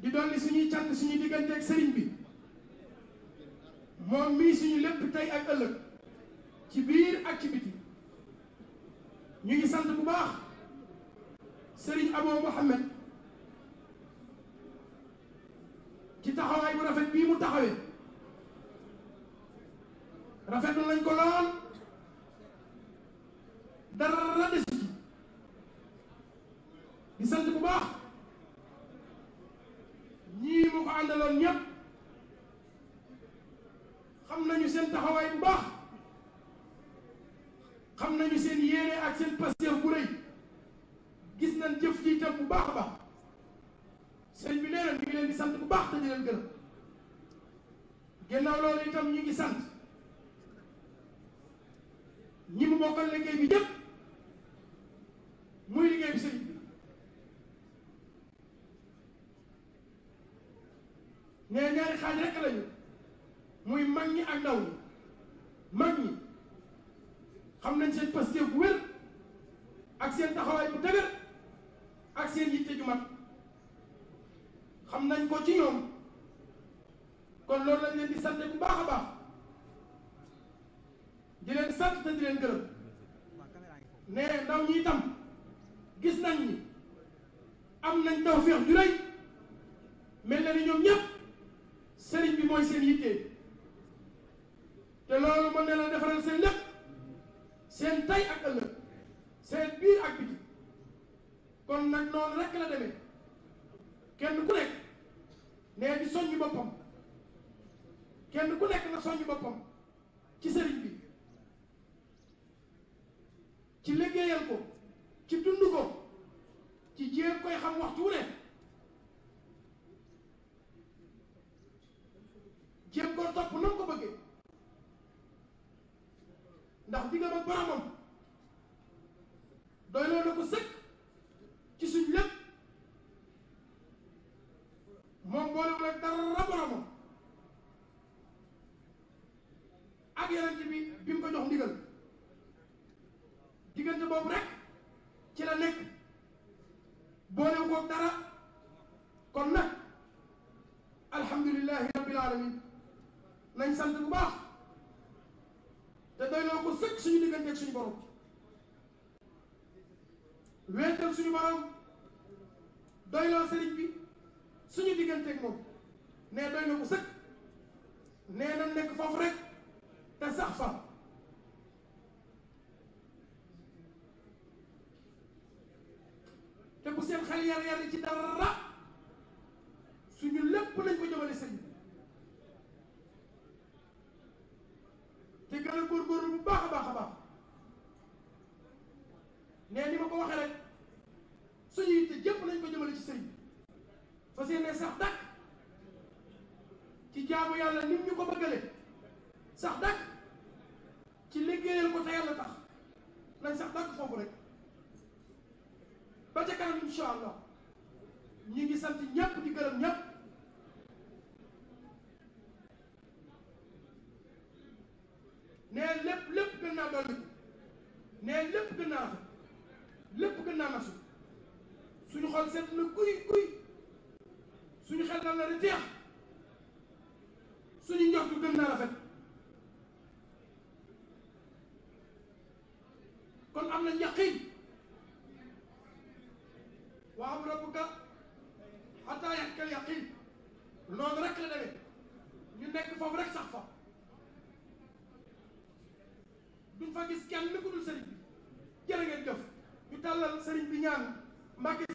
di dolli suñuy cant suñuy diggante ak sëriñ bi moom mii suñu lépp tey ak ëllëg ci biir ak ci biti ñu ngi sant bu baax sëriñ Abo Mohamed ci taxawaay bu rafet bii mu taxawee rafet nañ ko lool dara des àndaloon ñëpp xam nañu seen taxawaay bu baax xam nañu seen yéene ak seen pastéef bu rëy gis nañ jëf ji tam bu baax a baax sëñ bi nee na ñu leen sant bu baax te di leen gërëm gannaaw loolu itam ñu ngi sant ñi mu bokkal liggéey bi ñëpp. mais ñaari xaaj rekk muy mag ñi ak ndaw ñi mag ñi xam nañ seen pastéef bu wér ak seen taxawaay bu dëgër ak seen yitte ju mat xam nañ ko ci ñoom kon loolu lañ leen di sant bu baax a baax di leen sant te di ndaw ñi gis nañ am nañ tawféex ju mel na ni ñoom ñëpp sëriñ bi mooy seen yitte te loolu mën na la defaral seen lépp seen tay ak ëllëg seen biir ak biti kon nag noonu rekk la demee kenn ku nekk nee di soññ boppam kenn ku nekk na soññ boppam ci sëriñ bi ci liggéeyal ko ci dund ko ci jéem koy xam waxtu wu ne ndax diggam ba boromam doyloo na ko sëkk ci suñ lépp moom boolewul ak dara boromam ak yonent bi bi mu ko jox ndigal diggante boobu rek ci la nekk boolewu ko dara kon nag alhamdulillahi rabbil alamin nañ sant bu baax te doyloo ko sëkk suñu diggante ak suñu borom wéetal suñu borom doyloo sëriñ bi suñu diggante ak moom nee doy na ko sëkk nee na nekk foofu rek te sax fa te bu seen xel yar yar ci dara suñu lépp lañ ko jëmale sëriñ bi gën a góorgóorlu a baax a baax ne ni ma ko waxee rek suñu yitte jëpp nañ ko jëmale ci sëñ bi fas sax dàkk ci jaamu yàlla nim ñu ko bëggale sax dàkk ci liggéeyal ko te yàlla tax nañ sax dàkk foofu rek ba ca kanam incha allah ñi ngi sant ñëpp di gërëm ñëpp nee lépp lépp gën naa dolli nee lépp gën naa rafet lépp gën naa masu suñu xol seet na kuy kuy suñu xel na la jeex suñu njort gën naa rafet kon am na yaqin wa am rabbuka xataa yakkal yaqin loolu rek la demee ñu nekk foofu rek sax fa duñ fa gis kenn ku dul sëriñ bi jërë ngeen jëf ñu tàllal sëriñ bi ñaan Mbàkke